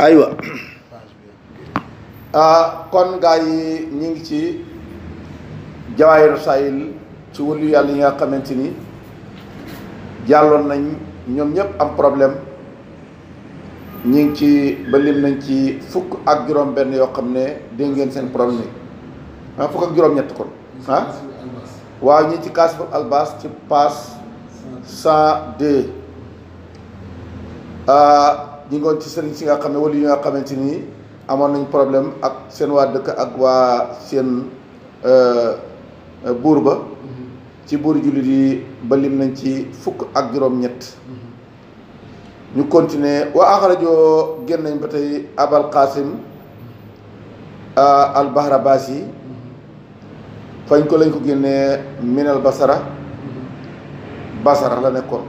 aywa ah, kon gaa yi ñu ngi ci jawaayiru sayil ci wëlu yàlla yi nga xamante ni jàlloon nañ ñoom ñëpp am problème ñu ngi ci ba lim nañ ci fukk ak juróom benn yoo xam ne dégg ngeen seen problème yi ah fukk ak juróom-ñett kon ah waaw ñi ci kaas foofu albas ci paas ñu ñi ngoon ci sëriñ si nga xam ne wala yi nga xamante ni amoon nañ problème ak seen waa dëkk ak waa seen euh, buur ba mm-hmm. ci buur jullit yi ba lim nañ ci fukk ak juróom-ñett mm-hmm. ñu continuer wa axrajoo génn nañ ba tey abal qasim mm-hmm. euh, al bahrabaasi fañ ko lañ ko génnee minal basara basara la nekkoon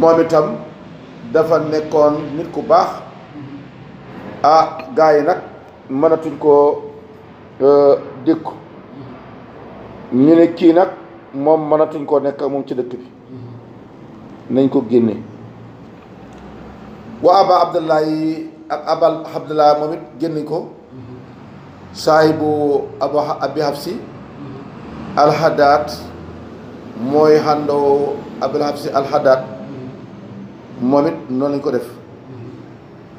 moom itam dafa nekkoon nit ku baax a gars yi nag mënatuñ koo e, dékku ñu ne kii nag moom mënatuñ koo nekk moom ci dëkk bi nañ ko génne waa aba abdullahi ak abal abdullahi moom it génn ko saahibu abu abi habsi alhadaat mooy xandoo abil habsi alhadaat moom it noonu lañ ko def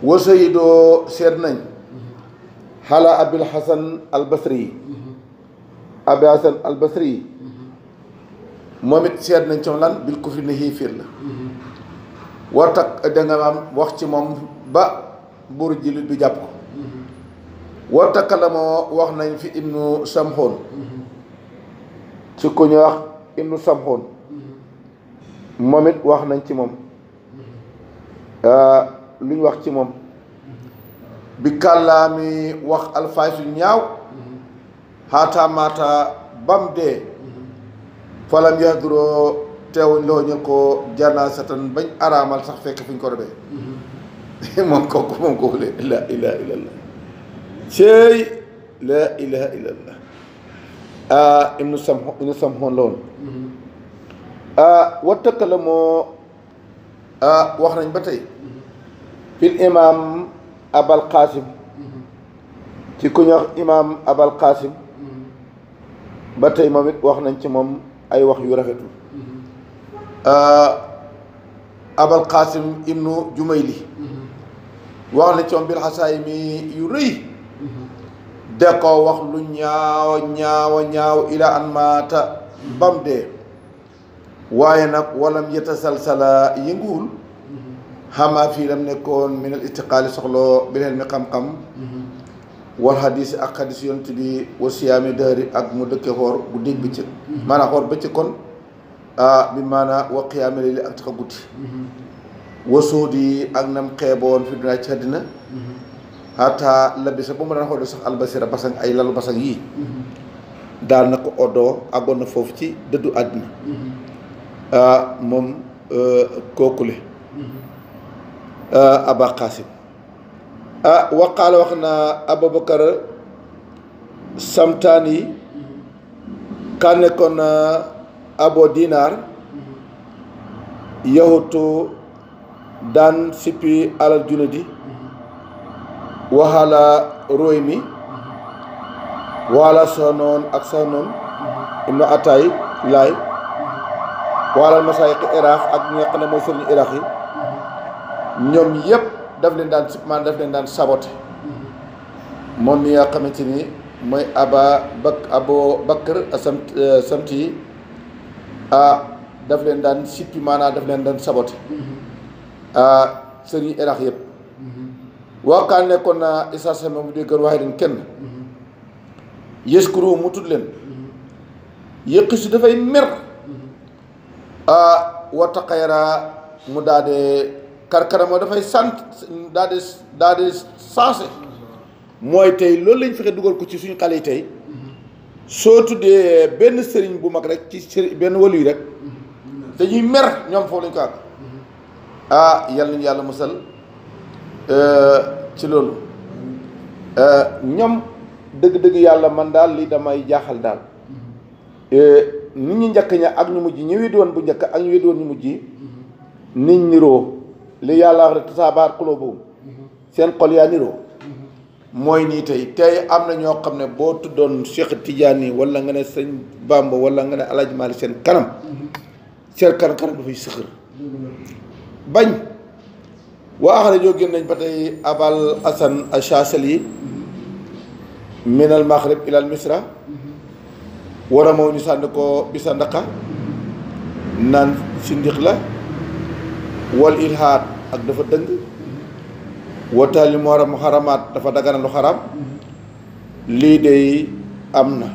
wasa yi seet nañ xala abil hasan albasri yi abi hasan albasri yi moom it seet nañ ci lan bil ku fi ne xiifiir la war tak da nga am wax nañ fi ibnu samxoon ci ku ñu wax ibnu samxoon moom it wax nañ ci moom Euh, lu ñu wax ci moom bi kàllaami wax alfaay su ñaaw xaata maata bam dee falam yahduroo teewuñ loo ñu ko janaasatan bañ araamal sax fekk fuñ ko robee moom kooku moom kooku la ilaha illa allah cey la ilaha illa allah ah euh, ibnu sam sam xoon la woon ah moo wax nañ ba tey fil imam abal qasim mm-hmm. ci ku imam abal qasim mm-hmm. ba tay momit wax nañ ci mom ay wax yu rafetul mm-hmm. uh, abal qasim ibnu jumayli wax na ci mom bil xasaay yu reuy de ko wax lu ñaaw ñaaw ñaaw ila an mata bam de waye nak walam yatasalsala yingul xamaa fii lam nekkoon minal istiqaali soxloo beneen mi xam-xam mm-hmm. war xadis ak xadis yonent bi wa siyaami dëhëri ak mu dëkke xoor guddeeg bëccëg mm-hmm. maanaam xoor bëccëg kon ah, bi maanaam wa xiyaami lili ak taxa guddi mm-hmm. wa suud yi ak nam xeeboon fi dunaa ci àddina xataa labisa ba mu daan xool sax albasira basang ay lalu basang yii daal na ko oddoo àggoon na foofu ci dëddu àddina ah, moom ah, kookule Euh, aba qasim ah wax naa aboubacar samtaan yi kan abo dinaar yahutu daan sippi alal di waxaala róoy mi waala sonoon ak sonoon ibnu ataay laay waala masaayiki iraq ak ñi nga xam mooy sëriñu iraq yi ñoom yëpp daf leen daan man daf leen daan saboté moom mi nga xamante ni mooy aba bak abo bakar sam euh, samt yi ah daf leen daan sippi maanaam daf leen daan saboté ah sëriñ iraq yëpp waakaan nekkoon na isa sama mu déggoon waxee dañ kenn yëskuru mu tudd leen yëqi dafay mer ah wa taqayra mu daadee karkarama dafay sant daal di sance mooy tey loolu lañ fexe dugal ko ci suñu xale yi tey soo tuddee benn sëriñ bu mag rek ci sëriñ benn wàllu yi rek dañuy mer ñoom foofu lañ ko àgg ah yal nañu yàlla musal eh, ci eh, ñoom dëgg-dëgg yàlla man daal li damay jaaxal daal eh, nit ñi njëkk ña ak ñu mujj ñi weddi bu njëkk ak ñu weddi woon ñu mujj niñ niroo لي الله رك تسابار قلوبهم سين قل يا نيرو موي ني تاي تاي امنا ньо خامني بو تودون شيخ تيجاني ولا غن سين بامبو ولا غن الحاج مال سين كرم سير كر كر دو في سخر باغ واخرج جوجن نان باتاي ابال حسن الشاسلي من المغرب الى مصر ورمو ني ساندكو بيساندقا نان سندخ لا wal ilhaad ak dafa dëng wataal yi mu dafa dagana lu xaram lii de am na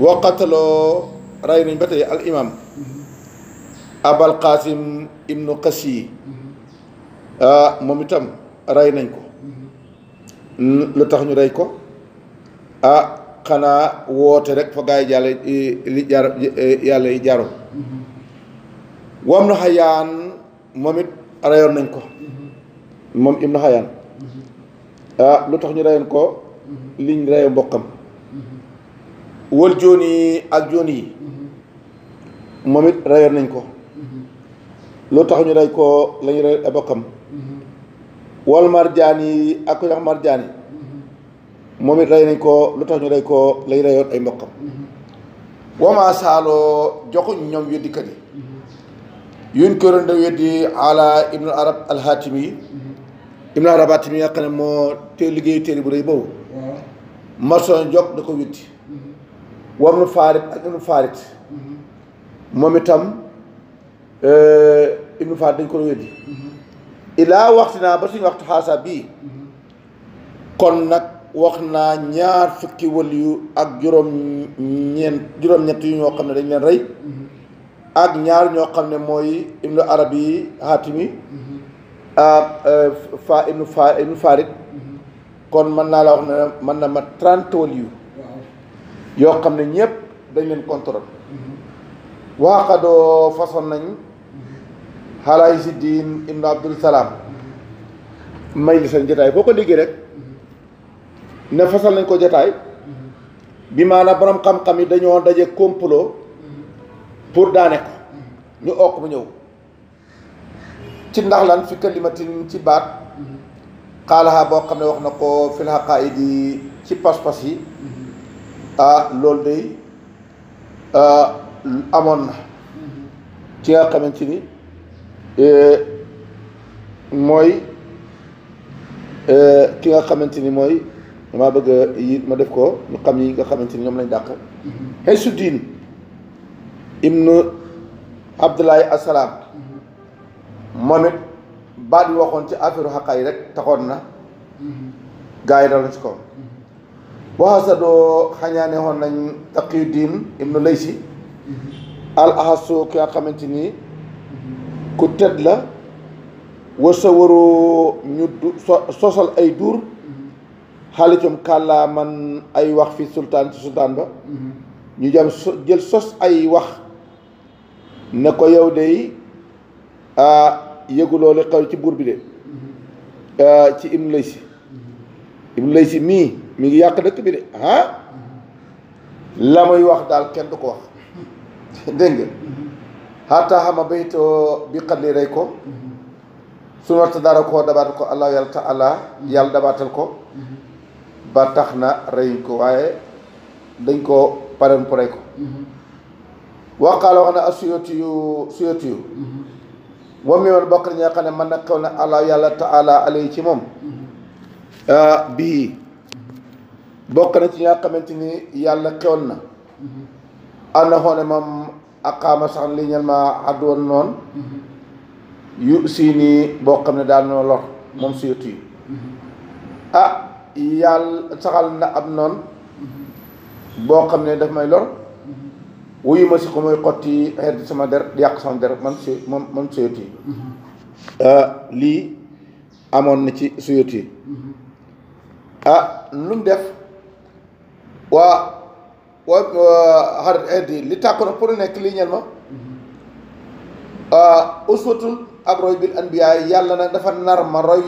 waqataloo rey nañ ba tey al imam abal qasim ibnu qasi ah, moom itam rey nañ ko lu tax ñu rey ko ah xanaa woote rek fa gaa yi jàll eh, li eh, yàlla yi jaro wam na xayaan moom it rayoon nañ ko moom Ibnu Xayaan ah lu tax ñu rayoon ko liñ ray mbokkam wël joon yi ak joon yi moom it rayoon nañ ko lu tax ñu ray ko lañu rey mbokkam wal marjaan yi ak ko wax moom it rey nañ ko lu tax ñu rey ko lañu reyoon ay mbokkam wamaa saaloo joxuñ ñoom weddikat yi yunkiruna weddi ala ibnu arab alhatimi ibnu arab hatimi nga xam ne moo te liggéeyu téere bu rëy boobu marson jog da ko weddi wam nu faarit ak ibnu faarit moom itam eh, ibnu faarit dañ ko weddi ilaa waxti naa ba suñu waxtu xaasa bii kon nag wax naa ñaar fukki wël yu ak juróom ñeent juróom-ñett yu ñoo xam ne dañ leen rey ak ñaar ño xamne moy ibnu arabi hatimi mhm. ak euh, fa ibnu fa ibnu farid mhm. kon man na la wax na man na ma 30 waliyu yo xam ne ñëpp dañ leen wa qado fason nañ mhm. xalaay si ibnu abdul Salam, may li sen jotaay boko ko rek na fasal nañ ko jotaay bi maanaam borom xam-xam yi dañoo dajje complot pour daane ko ñu okk mu ñëw ci ndax lan fi kalimatin ci baat xaalaxaa boo xam ne wax na ko fil haqaa'id yi ci pas-pas yi ah loolu day amoon na e, e, ki nga xamante ni mooy ki nga xamante ni mooy damaa bëgg yi ma def ko ñu xam yi nga xamante ni ñoom lañ dàq xëy mm-hmm. diin ibnu abdullahi asalaam moom it baat bi waxoon ci affaire xaqa rek taxoon na gars yi daloon waxasadoo xañaane woon nañ taqiyu diin ibnu laysi al ahasu ki nga xamante nii ku tedd la war sa waroo ñu sosal ay duur xaalicum kàllaa man ay wax fi sultaan ci sultaan ba mm-hmm. ñu jam jël sos ay wax ne ko yow de ah yëguloo li xew ci buur bi de mm-hmm. ci Ibnu si Ibnu si mii mi ngi yàq dëkk bi de ah la muy wax daal kenn du ko wax mm-hmm. dégg nga xaataa xama baytoo bi xadli rey ko su warta dara koo dabaatal ko allah yàlla taala yàlla dabaatal ko ba tax na reyuñ ko waaye dañ ko paren pour rey ko waqaala wax na ak suyoti yu suyoti yu moom mi woon na ñi nga xam ne man nag kaw na allah yàlla taala alay ci moom mm-hmm. ah, bii mm-hmm. bokk na ci ñaa xamante ni yàlla xewal na am mm-hmm. na xoone moom aqaama sax li ñel ma àddu woon noonu yu sii boo xam ne daal na lor moom suyoti yu ah yàlla saxal na am noon boo xam ne daf may lor wuyu ma si ko muy xotti xeet sama der di yàq sama der man su moom man suyut yi ah, lii amoon na ci suyut yi ah lu mu def waa waa xar xeet eh, li tàkku na pour nekk lii ñel ma ah, uswatul ak roy yàlla nag dafa nar ma roy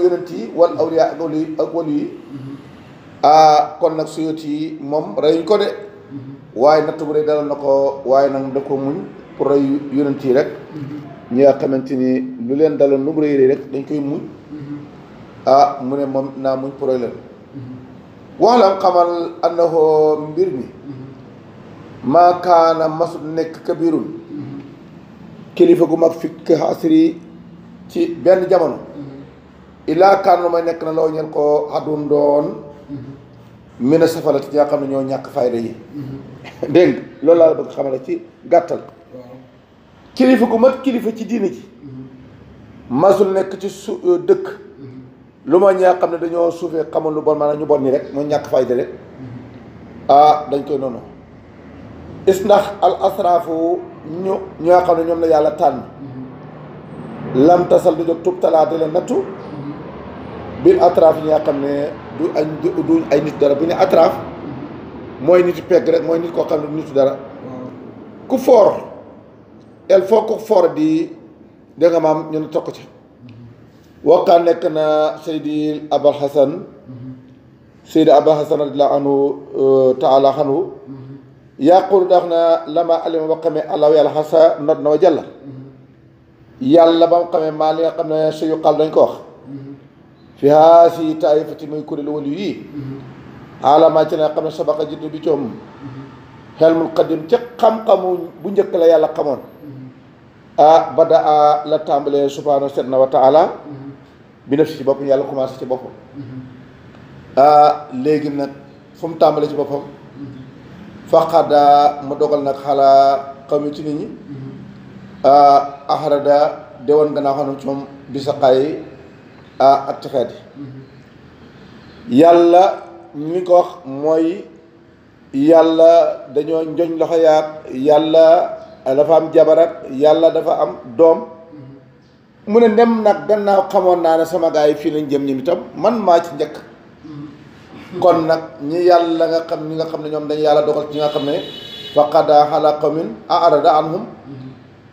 ah, kon nag suyut yi moom reyuñ ko de waaye natt bu dee dalal na ko waaye nag da ko muñ pour rey rek mm-hmm. ñi nga xamante ni lu leen daloon nu rek dañ koy muñ mm-hmm. ah, mu ne moom naa muñ pour rey leen mm-hmm. waxlam xamal mbir mi kaana masut nekk kabirun gu mag fikk ci benn jamono illaa kaana lu nekk na loo ñeen ko xadun doon xam ne ñàkk fayda yi dégg loolu laa la bëgg xamale ci gàttal kilifa gu mat kilifa ci diine ji masul nekk ci su euh, dëkk lu ma ñaa xam ne dañoo suufee xamoon lu bon maanaam ñu bon nii rek mooy ñàkk fayda rek ah dañ koy noonu is ndax al asraafu ñu ñoo ne ñoom la yàlla tànn lam tasal du jóg tub talaata la nattu biir atraaf yi xam ne du ay duñ ay nit dara bu ne atraaf mooy nitu pegg rek mooy nit koo xam ne nitu dara ku foor il faut ku foor di da nga maam ñun tokk ci waqaa nekk na Seydi Abal Hasan Seydi Abal Hasan radiyallahu anhu euh, taala anhu yaqulu dax na lama alima ba xamee alaw yàlla xasa not na wa jàlla yàlla ba mu xamee maa li nga xam ne sa yu xal dañ ko wax fi haasi taifati muy kuréelu wali yii alamaa ci la nga xam ne sabaqa jiddu bi coom xelmul qadim ca xam-xamu bu njëkk la yàlla xamoon ah badaa la tàmbalee subhaanahu setna wa taala bi naf ci boppam yàlla commencé ci boppam léegi nag fu mu tàmbalee ci boppam faqada mu dogal nag xalaa xawmi ci nit ñi axarada de woon gannaaw xanam ci moom bi sa ak texeet yi yàlla ñu ñi ko wax mooy yàlla dañoo njoñ loxo yaat yàlla dafa am jabarak yàlla dafa am doom mu ne ndem nag gannaaw xamoon naa ne sama gars yi fii lañ jëm ñoom itam man maa ci njëkk kon nag ñi yàlla nga xam ñi nga xam ne ñoom dañ yàlla dogal ci ñi nga xam ne fa qada ala qawmin arada anhum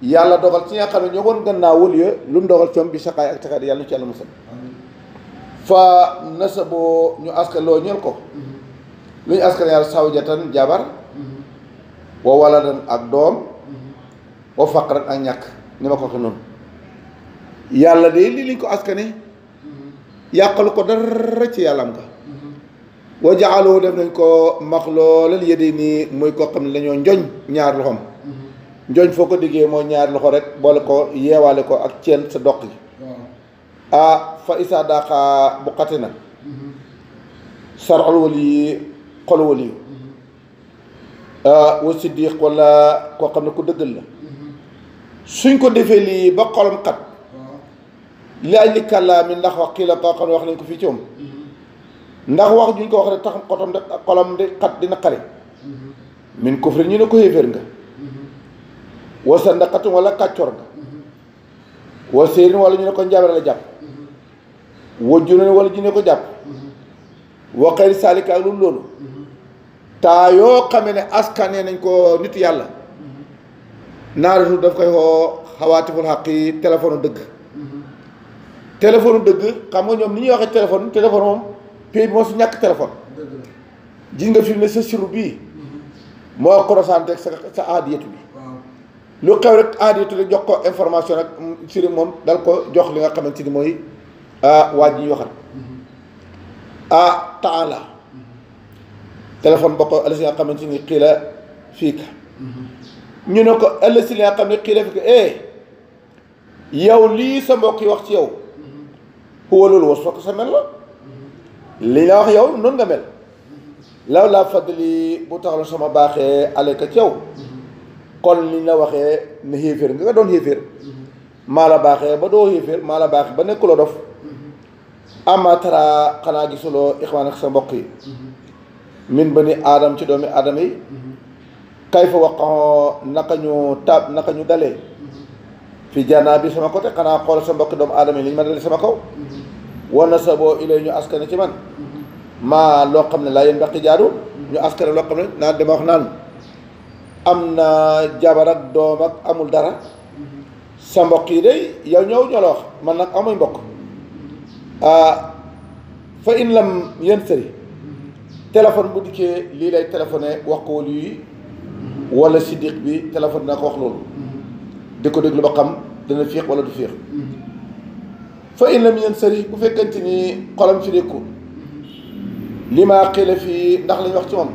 yàlla dogal ci ñi nga xam ne ñoo woon gannaaw wël lu mu dogal coom bi saqaay ak takat yàlla nu ci yàlla musal fa nasaboo ñu askan loo ñël ko mm-hmm. lu ñu askan yàlla sawjatan jabar mm-hmm. wa waladan ak doom mm-hmm. wa faqran ak ñàkk ni ma ko waxee yàlla de lii liñ ko askane yàqalu ko dara ci yàlla am nga wa jaxaloo def nañ ko maxloolal yëdee nii muy koo xam ne dañoo njoñ ñaar loxoom njoñ foo ko diggee mooy ñaar loxo rek boole ko yeewaale ko ak ceen sa doq yi ah fa isaa daaxaa bu xati na sarxul wali yi xol wali yu wa siddiq wala koo xam ne ko dëggal la suñ ko defee lii ba xolam xat li aj li kàllaami ndax wax kii la koo xam ne wax lañ ko fii ci moom ndax wax juñ ko wax rek tax xotom de xolam di xat dina xare min kufri ñu ne ko xéeféer nga wa sandaqatum wala kàccoor nga wa séerin wala ñu ne ko njabar la jàpp wajjuloon wala jinne ko jàpp wa xayri saalika ak loolu loolu taa yoo xam ne askanee nañ ko nitu yàlla naaratu daf koy xoo xawaatiful xaq yi téléphone dëgg téléphone dëgg xam nga ñoom ni ñuy waxee téléphone téléphone moom pays bi moo su ñàkk téléphone gis nga fi mu sa siru bii moo korosante ak sa sa aadiyatu bi lu xew rek aadiyatu rek jox ko information rek siri moom dal ko jox li nga xamante ni mooy ah waa ji ñuy waxat ah taala téléphone ba ko alasi nga xamante ni xiila fii ka ñu ne ko alasi li nga xam ne xiila fii ka eh yow lii sa mbokk yi wax ci yow huwa loolu was fakk sa mel la li la wax yow noonu nga mel law laa fadli bu taxaloon sama baaxee aleka ci yow kon li la waxee ne xéeféer nga nga doon xéeféer maa la baaxee ba doo xéeféer maa la baaxee ba nekkuloo dof ama tara xanaa gisuloo ixwaan ak sa mbokk yi mm-hmm. min ba ni aadam ci doomi aadama yi mm-hmm. kay fa waqaxoo naka ñu tab naka ñu dalee mm-hmm. fi jaanaa bi sama côté xanaa xool sa mbokki doomu aadama yi li ma dalee sama kaw war na sa boo ilay ñu askane ci man maa loo xam ne laa yéen mbaqi jaadu ñu askane loo xam ne naan dama wax naan am na jabar ak doom ak amul dara sa mbokk yi day yow ñëw ñoo man nag amuy mbokk Ah, fa in lam yansari téléphone bu dikkee lii lay téléphoné wax ko lii wala siddiq bi téléphone naa ko wax loolu di ko déglu ba xam dana fiix wala du fiix fa in lam yansari bu fekkante ni xolam ci dékku li maa xiila fii ndax lañ wax ci moom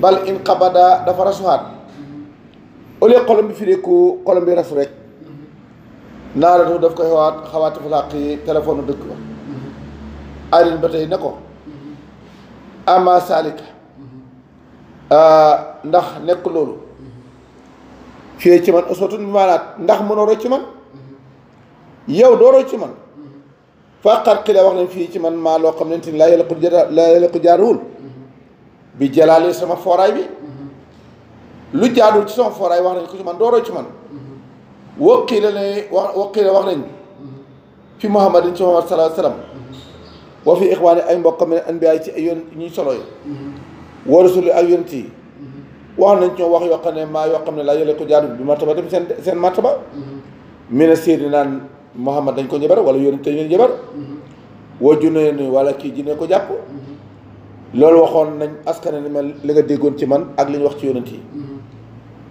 bal in xabada dafa rasuwaat au lieu bi fi dékku xolam bi rasu rek نارا نو داف كاي وات خوات فلاقي تليفون دك با ارين باتاي نكو اما سالك ا نده نيك لولو شي تي مان اسوتن مالات نده منو روتي مان ياو دو روتي مان فقر كلا واخ نان في تي مان ما لو خم نتي لا يلق لا يلق جارول bi jalalé sama foray bi lu jaadul ci son foray wax na ko ci man وقيل لي وقيل وقرن في محمد صلى الله عليه وسلم وفي إخوان أي مبقى من الأنبياء أيون نيسلوي ورسول أيون تي وأنا نتي وقى وقنا ما يقمن لا يلقى جار بمرتبة سن سن مرتبة من سيرنا محمد نكون جبر ولا يون تي جبر وجنين ولا كي جنين كجابو lol waxon nañ askane ni ma la nga degon ci man ak liñ wax ci yonenti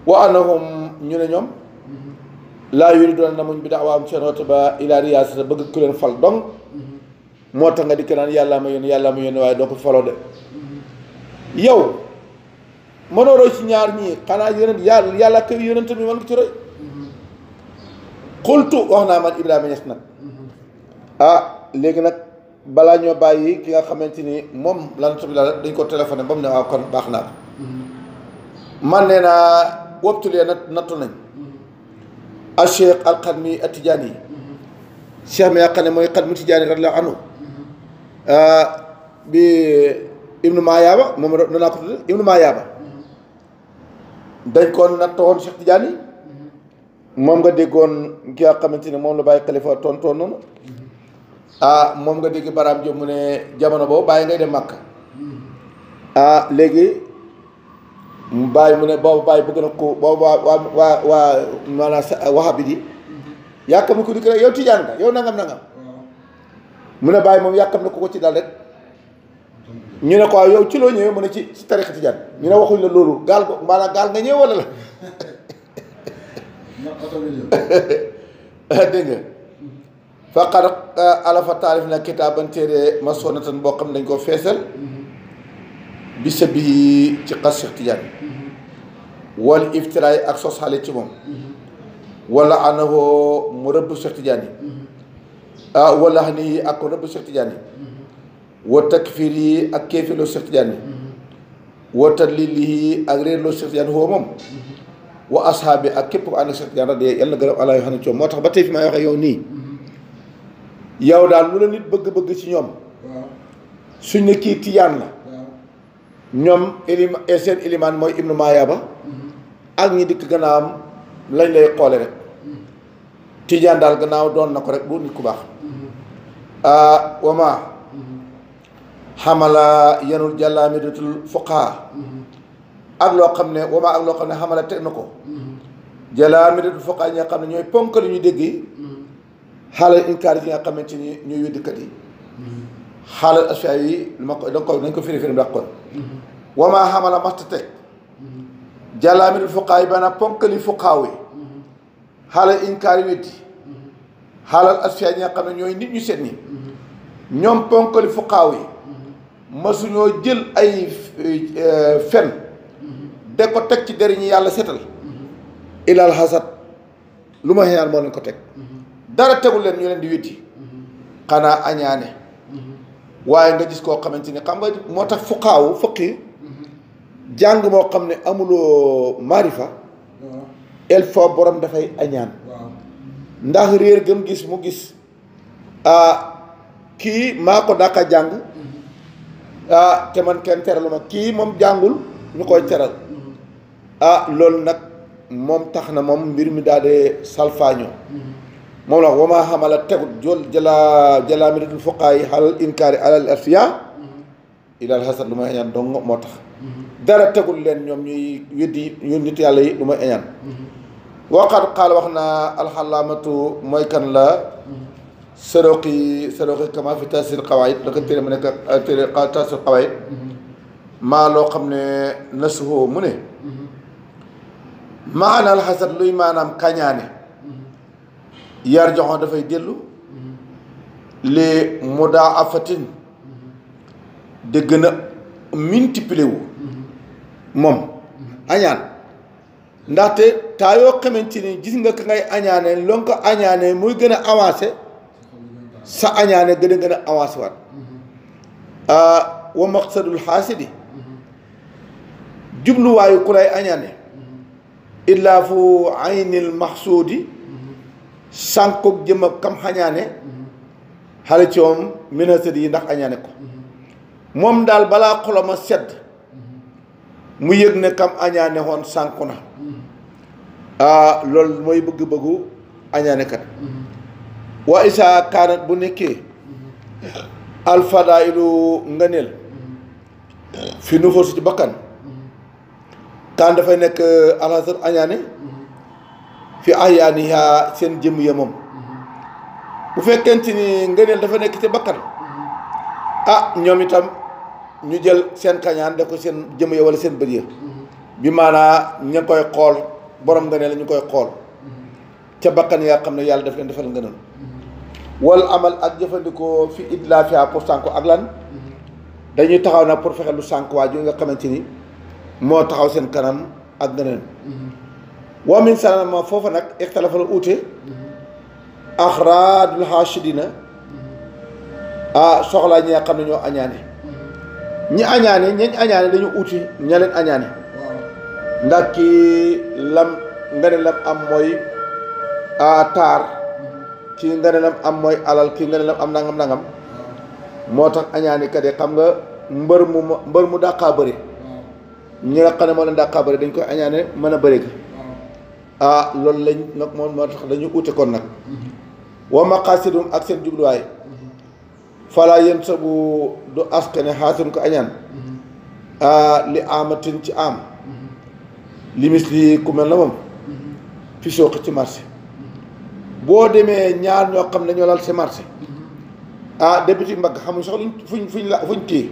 wa anahum ñu ne ñom laa yuriduuna namuñ bi daawaam seen rotuba ilaa riyaasata bëgg ku leen fal dong moo tax nga dikk naan yàllaa ma yónni yàllaa ma yónni waaye doo ko faloo de yow mënoo roy ci ñaar ñii xanaa yonent yàlla yàlla ak yonent bi mën ko wax naa man Ibrahima Niass nag ah, léegi nag balaa ñoo bàyyi ki xamante ni moom lan bi dañ ko téléphoné ba mu ne waaw kon baax naa ko mm-hmm. man nee naa woptu lee nat nattu nañ al cheikh al xadmi al tijaani yi cheikh mi nga xam ne mooy xadmi tijaani radiyallahu anhu mm-hmm. ah, bi mm-hmm. mm-hmm. moom nga déggoon ki nga xamante ne moom la bàyyi xalifa tontoon noonu ah, moom nga dégg baraam jëm mu ne jamono boobu bàyyi ngay dem màkk ah, léegi mu bàyyi mu ne boobu bàyyi bëgg na ko boobu waa waa waa waa maanaam waxabi di yàkkam na ko di ko yow tijaan nga yow nangam nangam mu ne bàyyi moom yàkkam na ko ko ci dal rek ñu ne ko yow ci loo ñëwee mu ne ci si ñu ne waxuñ la loolu gaal ko maanaam gaal nga ñëw wala la dégg nga faqad euh, alafa taalif na kitaaban téere masonatan boo xam ne dañ koo feesal bisabihi ci xas Cheikh Tidiane wal iftiraay ak sos xale ci moom wala anahoo mu rëbb Cheikh Tidiane ah wala xani yi ak rëbb Cheikh Tidiane wa takfir yi ak kéefiloo Cheikh Tidiane wa tadlil yi ak réerloo Cheikh Tidiane foo moom wa ashaabi ak képp ko ànd ak Cheikh Tidiane radi yàlla gërëm ala yoo xam ne coom moo tax ba tey fi may waxee yow nii yow daal lu la nit bëgg-bëgg ci ñoom suñ ne kii Tijaan la ñoom ilim eh, seen ilimaan mooy ibnu maayaba ak ñi dikk gannaawam lañ lay xoole rek tijaan daal gannaaw doon na ko rek bu nit ku baax ah, wama xamala yenul jàllaamidatul fuqaha ak loo xam ne wama ak loo xam ne xamala teg na ko jàllaamidatul fuqaha yi nga xam ne ñooy ponkali ñu dégg xaalal inkaar yi nga xamante ni ñooy weddikat yi xaalal asfiya yi lu ma ko danga ko nañ ko firi firi ndax kon wamaa xamala masta teg jàllaamil fuqaa yi maanaam ponkali fuqaaw yi xaalal inkaar yi xaalal asfiya ñi nga xam ne ñooy nit ñu set ñi ñoom ponkali fuqaaw yi masuñoo jël ay eh, fen de ko teg ci deri ñi yàlla setal ilal xasad lu ma xeexaan moo leen ko teg dara tegul leen ñu leen di weddi xanaa añaane waaye nga gis koo xamante ni xam nga moo tax fuqaawu yi jang mo xamne ne marifa, el fo borom da fay añan ndax reer gem gis mu gis ah ki mako daka jang mm-hmm. ah te man ken teralu ma kii moom jàngul ñu koy teral mm-hmm. ah lol nak mom taxna mom mbir mi dade salfaño mom mm-hmm. la wama hamala tegut jol jala jala miridul datul hal inkari alal asya ila al hasan dumay ñan dong motax dara tegul leen ñoom ñuy weddi ñun nit yàlla yi lu may eñaan waqat wax naa alxalaamatu mooy kan la saroqi saroqi kama fi tasir xawaayit la téere mu nekk téere tasir xawaayit maa loo xam ne nasuhoo mu ne maana alxasad luy maanaam kañaane yar joxoon dafay dellu li mudaafatin de gën a multiplier wu moom añaan ndaxte taa yoo xamante ni gis nga ka ngay añaane loo ko añaane muy gën a avancé sa añaane gën a gën a avancé waat mm-hmm. ah, wa maqsadul xaasidi jubluwaayu ku lay añaane mm-hmm. illaa fu aynil maxsuudi mm-hmm. sànkoog jëm ak kam xañaane xale ci moom minasad yi ndax añaane ko moom daal balaa xoloma sedd mu yëg ne kam añaane woon sànku na mm-hmm. ah loolu mooy bëgg-bëggu añaanekat mm-hmm. wa isa kaanat bu nekkee mm-hmm. alfadailu ngëneel fi nu ci bakkan kaan dafay nekk alxasar euh, añaane fi ahyaaniha seen jëm ya moom bu fekkente ni ngëneel dafa nekk ci bakkan ah ñoom itam ñu jël seen kañaan def ko seen jëm ya wala seen bët ya mm-hmm. bi maanaa ña koy xool borom nga ne la koy xool mm-hmm. ca bakkan yaa xam ne yàlla def leen defal ngënal mm-hmm. wal amal ak jëfandikoo fi idlaa fiha pour sànku ak lan dañuy taxaw nag pour fexe lu sànk waa ju nga xamante ni moo taxaw seen kanam ak ngëneel waa min sanama foofa nag ixtalafa la uute axraadul xaasidina ah soxlaa ñi nga xam ne ñoo añaane ñi añaane ñañ añaane dañu uti ña leen añaane ndax kii lam nga ne lam am mooy taar kii nga ne lam am mooy alal kii nga ne lam am nangam nangam moo tax añaani kat yi xam nga mbër mu mbër mu dàqaa bëri ñi nga xam ne moo leen dàqaa bëri dañ koy añaane mën a bëri gi loolu lañ nag moom moo tax dañu uti kon nag wa maqasidum ak seen jubluwaay fala yén sabu du askane xaasin ko añaan mhm. ah, li amatin ci am mhm. limis li ku mel na moom mhm. fi sooq ci marché boo demee ñaar ñoo xam ne ñoo lal ci marché ah député mbagg xamuñ sax luñ fuñ fuñ la fuñ téye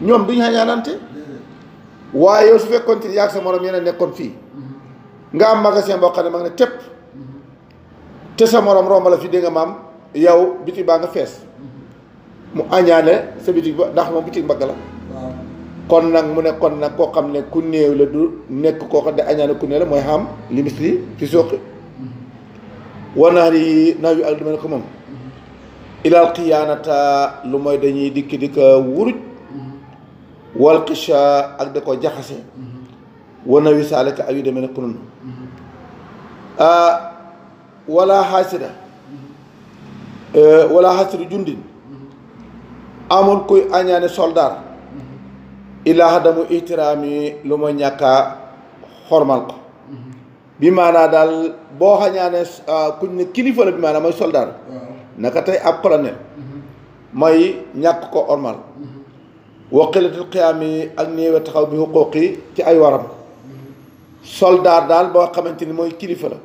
ñoom duñ xañaanante waaye yow su fekkoon ci yaag sa morom yeneen nekkoon fii nga am magasin boo xam ne ma nga ne tepp te sa morom romba la fi dégg nga maam yow biti baa nga fees mu añaane sa bitig ba ndax moom bitig mbagg la kon nag mu ne kon nag koo xam ne ku néew la du nekk koo xam ne añaane ku néew la mooy xam li ci sooqi mm-hmm. wanaar yi naw yu ak ko moom mm-hmm. dañuy di ko wuruj mm-hmm. wal ak ko jaxase wanaw yi ne ko noonu ah, wala xaasida eh, wala xaasidu jundin amul kuy añaane soldaar ilaa damu ihtiraami lu ma ñàkka xormal ko bi maanaa daal boo xañaane ah, kuñ ne kilifa la bi maanaa mooy soldaar naka tey ab colonel mooy ñàkk ko ormal wa qillatul yi ak néewe taxaw bi xuquuqi ci ay waram soldaar daal boo xamante ni mooy kilifa la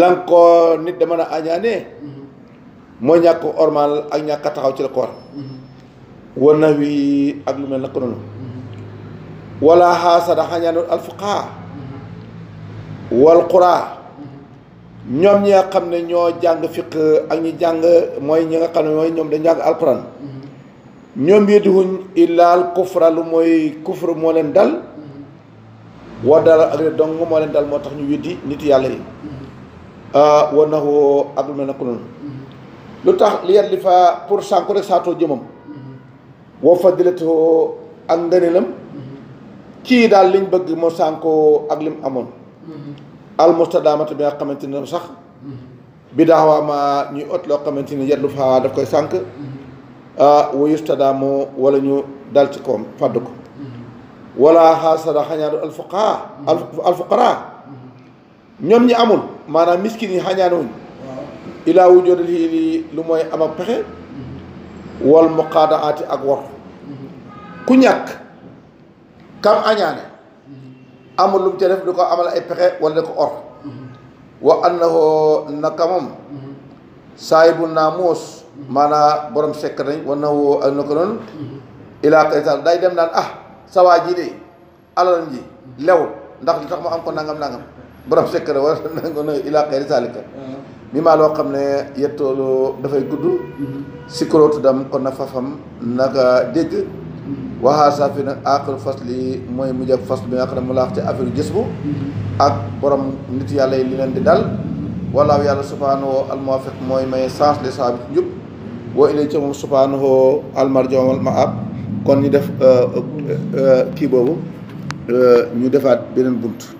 lan ko nit da mën a añaane mooy ñàkk ormal ak ñàkk taxaw ci la koor war na wi ak lu mel naka noonu wala xaasada xañaanul alfuqaa wal quraa ñoom ñi xam ne ñoo jàng fiq ak ñi jàng mooy ñi nga xam ne mooy ñoom dañ jàng alquran ñoom yëdiwuñ illaal kufra lu mooy kufra moo leen dal war dara agre ne dong moo leen dal moo tax ñu di nit yàlla yi war na woo ak lu mel noonu lutax li yadli fa pour sànku rek saatoo jëmum woo fadilatoo ak ngëneelam ki dal liñ bëgg mo sanko ak lim al mustadamatu bi xamanteni sax bi dawa ma ñuy ot lo xamanteni ni yadlu fa daf koy sànk yustadamu wala ñu dal ci kom faddu ko wala al fuqaha al fuqara ñom ñi amul manam miskini hanyanu ilaa wujudatihi lii lu mooy am ak pexe wal muqaadaati ak war ku ñàkk kam añaane amul lu mu ca du ko amal ay pexe wala da ko or wa annahu naka moom saahibu naamuus maanaa borom sekk nañ wa annahu ak naka noonu ilaa kaysan day dem naan ah sawaa ji de alalam ji ndax li tax ma am ko nangam nangam borom sekk na war nanga noonu ilaa saalika ah. mi maa loo xam ne yettoolu dafay gudd si kurootu dam kon na fafam naka dégg waxaa saa fi nag aaxir fas li mooy mujj ak fas bi nga xam ne mu laax ci affaire gis bu ak borom nit yàlla yi li leen di dal walaaw yàlla subhaanahu almuwafiq mooy may saas li saa bi njub boo ilay ca moom subhaanahu almarjom wal maab kon ñu def kii boobu ñu defaat beneen bunt